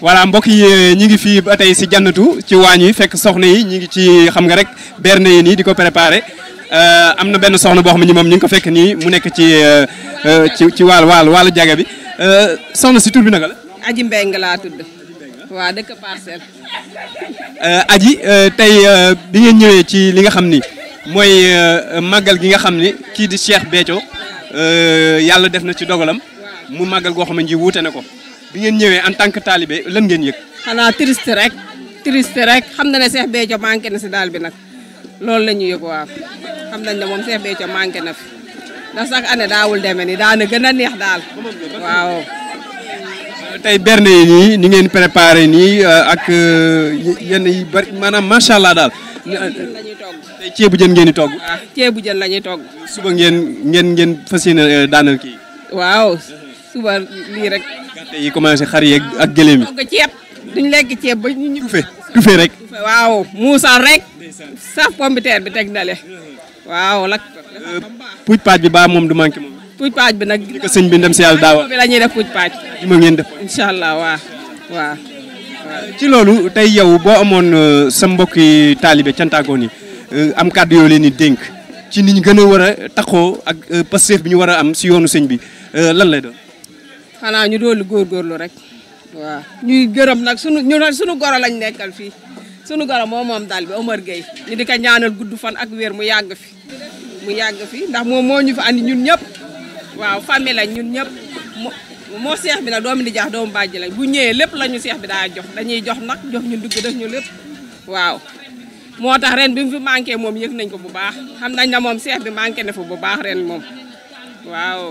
voilà mbokk yi euh, ñi ngi fii ba tey si janatu ci waañ yi fekk soxna yi ñi ngi ci xam nga rek berne yi nii di ko préparé euh, am na benn soxna boo xam ne moom ñi ngi ko fekk nii mu nekk ci euh, ci ci waal waal waalu jaga bi soxna si tur bi naka la. Aji Mbeng laa tudd. waa dëkk parcelle. Aji tey bi ñëwee ci li nga xam ni mooy màggal gi nga xam ni kii di Cheikh Béthio yàlla def na ci dogalam mu màggal goo xam ne ji wuute na ko. bi ngeen ñëwee en tant que taalibe lan ngeen yëg. xanaa triste rek triste rek xam na ne Cheikh Béthio manqué na si daal bi nag loolu la ñu yëg waaw xam nañ ne moom Cheikh manqué na fi ndax sax année daawul demee ni daane gën a neex daal waaw. tey berne yi nii ni ngeen préparé nii euh, ak euh, yenn yi bari maanaam macha allah daal. tey ceebu jën ngeen di togg. waaw ah, ceebu jën la ñuy toog suba ngeen ngeen ngeen fas yéene euh, daanal kii. waaw. suba lii rek. gàtt yi commencé xar yeeg ak gëléem yi. togg ceeb duñ lekk ceeb ba ñu. tufe tufe rek. waaw muusal rek. saf pombiteer bi teg ndale waaw lak. Euh, puuj paaj bi baa moom du manqué moom. puuj paaj bi nag. sëñ bi si yàlla daawa bi paaj. ngeen def. incha allah waaw waaw. ci loolu tey yow boo amoon euh, sa mbokki taalibe cantagoon yi euh, am kàddu yoo leen di dénk ci ni ñu gën a war a taxoo ak pasteef bi ñu war a am si yoonu sëñ bi lan lay doon. xanaa ñu doolu góorgóorlu rek waaw ñuy gërëm nag sunu ñu sunu goro lañ nekkal fii sunu goro moo moom daal bi Omar Gueye ñu di ko ñaanal gudd fan ak wér mu yàgg fi mu yàgg fi ndax moom moo ñu ñun ñëpp waaw famille lañ ñun ñëpp moo seex bi nag doom di jaax doomu bàjj lañ bu ñëwee lépp la ñu seex bi daa jox dañuy jox nag jox ñu dugg def ñu lépp waaw moo tax ren bi mu fi manqué moom yëg nañ ko bu baax xam nañ na moom seex bi manqué na fa bu baax ren moom waaw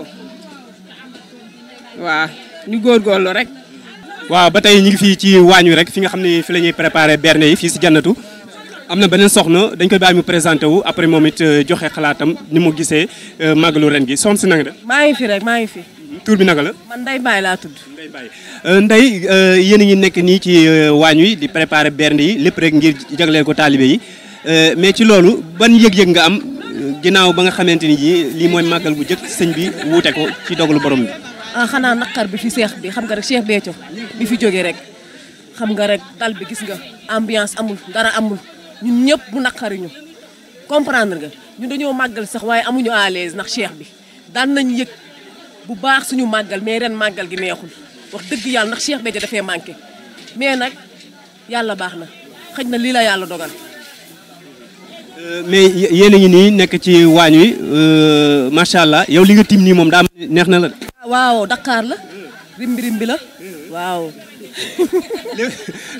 waa ñu góor góorgóorlu rek. waaw ba tey ñu ngi fii ci waañ wi rek fi nga xam ne fi la ñuy préparé berne yi fii si janatu am na beneen soxna dañ koy bàyyi mu présenté wu après moom it euh, joxe xalaatam ni mu gisee euh, màggalu ren gi soxna si nanga maa ngi fi rek maa ngi fi. Mhm. tur bi naka la. man Ndeye Baye laa tudd. Ndeye Baye euh, Ndeye yéen a ngi nekk nii ci waañ wi di préparé bernde yi lépp rek ngir jagleel ko taalibe yi mais ci loolu ban yëg-yëg nga am ginnaaw ba nga xamante ni lii mooy màggal bu njëkk sëñ bi wuute ko ci dogalu borom bi. Ah, xanaa naqar bi fi seex bi xam nga rek Cheikh Béthio bi fi jógee rek xam nga rek dal bi gis nga ambiance amul dara amul ñun ñëpp bu naqariñu comprendre nga ñu dañoo màggal sax waaye amuñu à l'aise ndax Cheikh bi daan nañ yëg bu baax suñu màggal mais ren màggal gi neexul wax dëgg yàlla ndax Cheikh Béthio dafee manqué mais nag yàlla baax na xëñ na lii la yàlla dogal. Euh, mais yéen a ngi nii nekk ci waañ wi euh, macha allah yow li nga tim nii moom daa neex na la waaw dakaar la. rimbi rimbi la. waaw.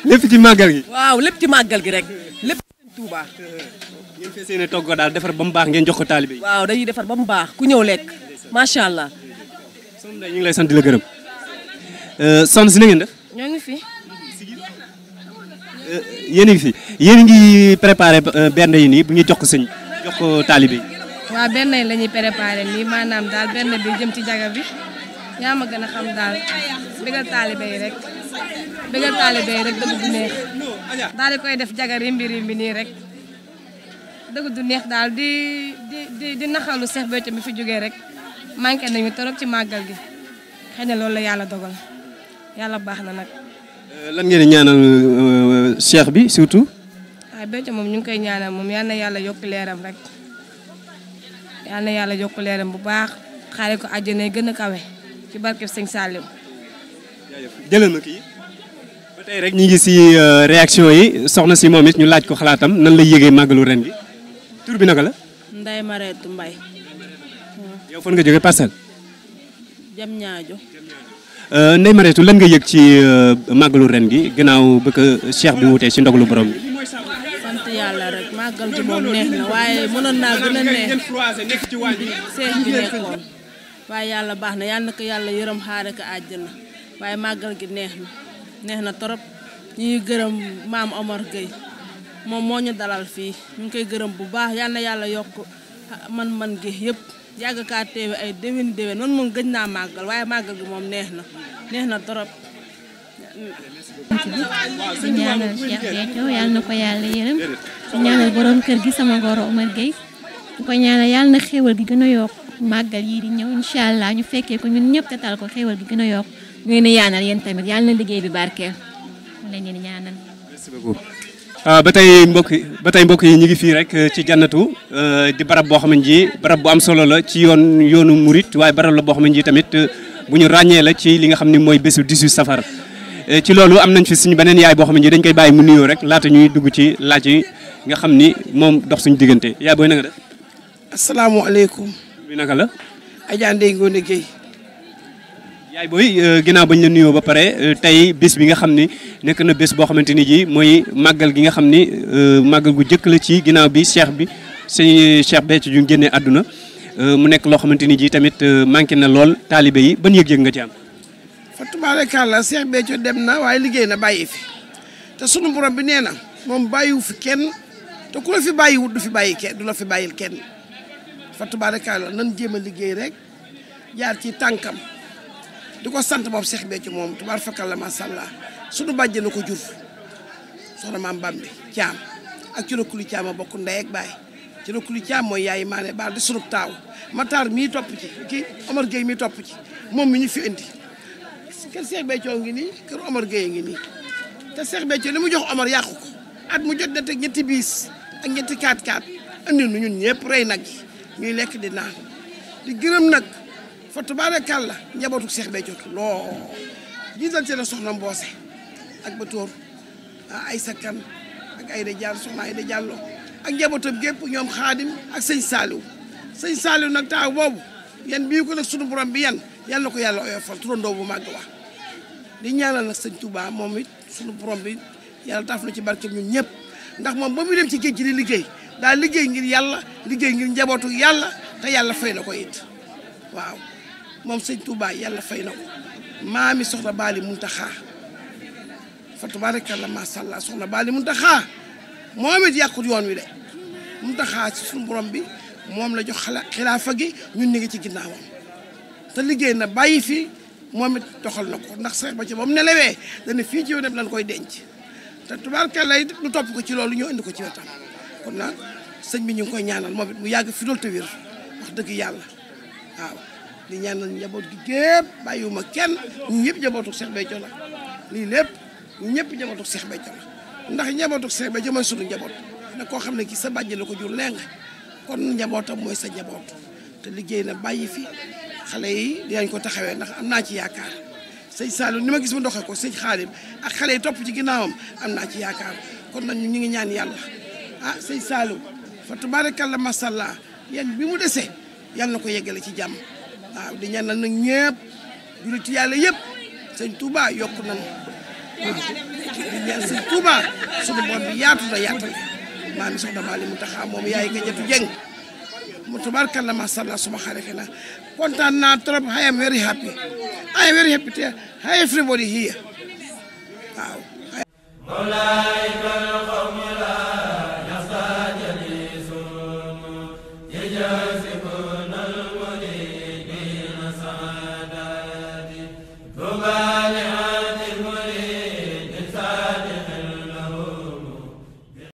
lépp ci màggal gi. waaw lépp ci màggal gi rek. lépp ci Touba. ngeen fee seen togg daal defar ba mu baax ngeen jox ko taalibe yi. waaw dañuy defar ba mu baax ku ñëw lekk macha allah. soxna ñu ngi lay sant gërëm. Euh, soxna si na ngeen ñoo euh, ngi fi. yéen a ngi fi yéen ngi préparé euh, benn yi nii bu ñu jox ko sëñ jox ko taalibe yi. waaw benn yi la ñuy préparé nii maanaam daal benn bi jëm ci jaga bi. yaa ma gën a xam daal bëggal taalibe yi rek bëggal taalibe yi rek dëgg du daal di koy def jaga rimbi rimbi nii rek dëgg du neex daal di di di di naxalu Seex bi fi jógee rek manqué nañu torop ci màggal gi xëy na la yàlla dogal yàlla baax na nag. Euh, lan ngeen di euh, bi surtout. waaw Béthio moom ñu ngi koy ñaanal moom yal na yàlla yokk leeram rek yal na yàlla yokk leeram bu baax xaare ko àjjana gën a kawe. ci barkeb sëñ Salim. jëlee na kii rek ñu ngi si euh, réaction yi soxna si moom it ñu laaj ko xalaatam nan lay yëgee màggalu ren gi tur bi naka la. nday Mareetu Mbaye. yow fan nga jógee parcelle. jam ñaajo. Euh, Ndeye Mareetu lan nga yëg ci euh, màggalu ren gi gannaaw ba ko cheikh bu wutee si ndoglu borom bi. sant yàlla rek màggal gi moom neex na waaye mënoon naa gën a neex. seex bi nekkoon. waaye yàlla baax na yàlla na ko yàlla yërëm xaare ko àjjana waaye màggal gi neex na na torop gërëm maam Omar moo ñu dalal fii ñu ngi koy gërëm bu baax yàlla yàlla yokk man-man gi yëpp yàgg kaa teewe ay déwén déwén naa màggal waaye màggal gi moom neex na neex na torop di ñaanal Cheikh ko yàlla yërëm di ñaanal borom kër gi sama goro Omar Gueye di ko ñaanal yàlla xéewal gi gën a yokk màggal yii di ñëw incha allah ñu fekkee ko ñun ñëpp tatal ko xéewal gi gën a yokk ñu leen di yaanal yéen tamit yàlla na liggéey bi barkeel ah, ba tey mbokk yi ba tey mbokk yi ñu ngi fii rek eh, ci janatu eh, di barab boo xam ne ji barab bu am solo la ci yoon yoonu murit waaye barab la boo xam ne ji tamit eh, bu ñu ràññee la ci li nga xam ni mooy di 18 safar. ci loolu am nañ fi suñu beneen yaay boo xam ne ji dañ koy bàyyi mu nuyoo rek laata ñuy dugg ci laaj yi nga xam ni moom dox suñ diggante yaay booy na bi naka la. de Ndeye Ngone Guèye. yaay booy euh, ginnaaw bañ la nuyoo ba pare euh, tey bés bi nga xam ni nekk na bés boo xamante ni ji mooy màggal gi nga xam ni euh, màggal gu njëkk la ci ginnaaw bi cheikh bi sëñ Cheikh Béthio ju génnee àdduna mu nekk loo xamante ni ji tamit manqué na lool taalibe yi ban yëg-yëg nga ci am. Fatou Barakalla Cheikh Béthio dem na waaye liggéey na bàyyi fi te sunu borom bi nee na moom bàyyiwu fi kenn te ku la fi bàyyiwut du fi bàyyi kenn. fa tubaarakaala nan jéem a liggéey rek jaar ci tànkam di ko sant moom Cheikh Béthio moom tubaar fakkal la macha allah sunu bàjj na ko jur soxna maam Bambi Thiam ak ci rëkkulu Thiam a bokk ndey ak baay ci rëkkulu Thiam mooy yaay maane baal di sunub taaw Matar mii topp ci ki Omar Gueye mii topp ci moom mi ñu fi indi kër Cheikh Béthio ngi nii kër Omar Gueye ngi nii te Cheikh Béthio li mu jox Omar yàqu ko at mu jot na ñetti biis ak ñetti kaat kaat andi nu ñun nag yi ñuy lekk di naan di gërëm nag fa tabaarakàlla njabootu Cheikh Béthio lool jiital ci la soxna Mboose ak ba tóor ay sa kan ak ay da jàll soxna ay da jàllo ak njabootam gépp ñoom xaadim ak sëñ Saaliw sëñ Saaliw nag taaw boobu yan bii ko nag sunu borom bi yan yal na ko yàlla oyofal turandoo bu màgg wax di ñaanal nag sëñ Touba moom it sunu borom bi yàlla taaf na ci barke ñun ñëpp ndax moom ba muy dem ci géej gi di liggéey daa liggéey ngir yàlla liggéey ngir njabootu yàlla te yàlla fay na ko it waaw moom sëñ Touba yàlla fay na ko maami soxna Baali Muntaxa fa tabarakallah ma sha Allah soxna Baali Muntaxa moom it yàqut yoon wi de Muntaxa ci suñu borom bi moom la jox xala xilaafa gi ñun ñu ngi ci ginnaawam te liggéey na bàyyi fi moom it doxal na ko ndax seex ba ci ba mu nelawee fii ci lañ koy denc te tubaarkalla it lu topp ko ci loolu ñoo indi ko ci wetam kon nag sëñ bi ñu koy ñaanal moom it mu yàgg fi loolu dëgg yàlla waaw di ñaanal njaboot gi gépp bàyyiwuma kenn ñu njabootu Cheikh Béthio la lépp ñëpp njabootu Cheikh Béthio ndax njabootu Cheikh Béthio mooy sunu njaboot da koo xam ne gis sa bàjj la ko jur nee kon njabootam mooy sa njaboot te liggéey na bàyyi fi xale yi dinañ ko taxawee ndax am naa ci yaakaar sëñ Saliou ni ma gis mu doxee ko sëñ Xaadim ak xale yi topp ci ginnaawam am naa ci yaakaar kon nag ñu ngi ñaan yàlla ah sëñ Saalum fa tabaarakalla masalla yan bi mu desee yàlla na ko yeggale ci jàmm waaw di ñaanal nag ñëpp julliti yàlla yëpp sëñ Touba yokk nañu di ñaan sëñ Touba sunu borom bi yaatu na yaatal maa mi soxna Maali mu taxaa moom yaay nga jatu jeng mu tabaarakalla masalla suma xarit la kontaan naa trop I am very happy I am very happy to have everybody waaw.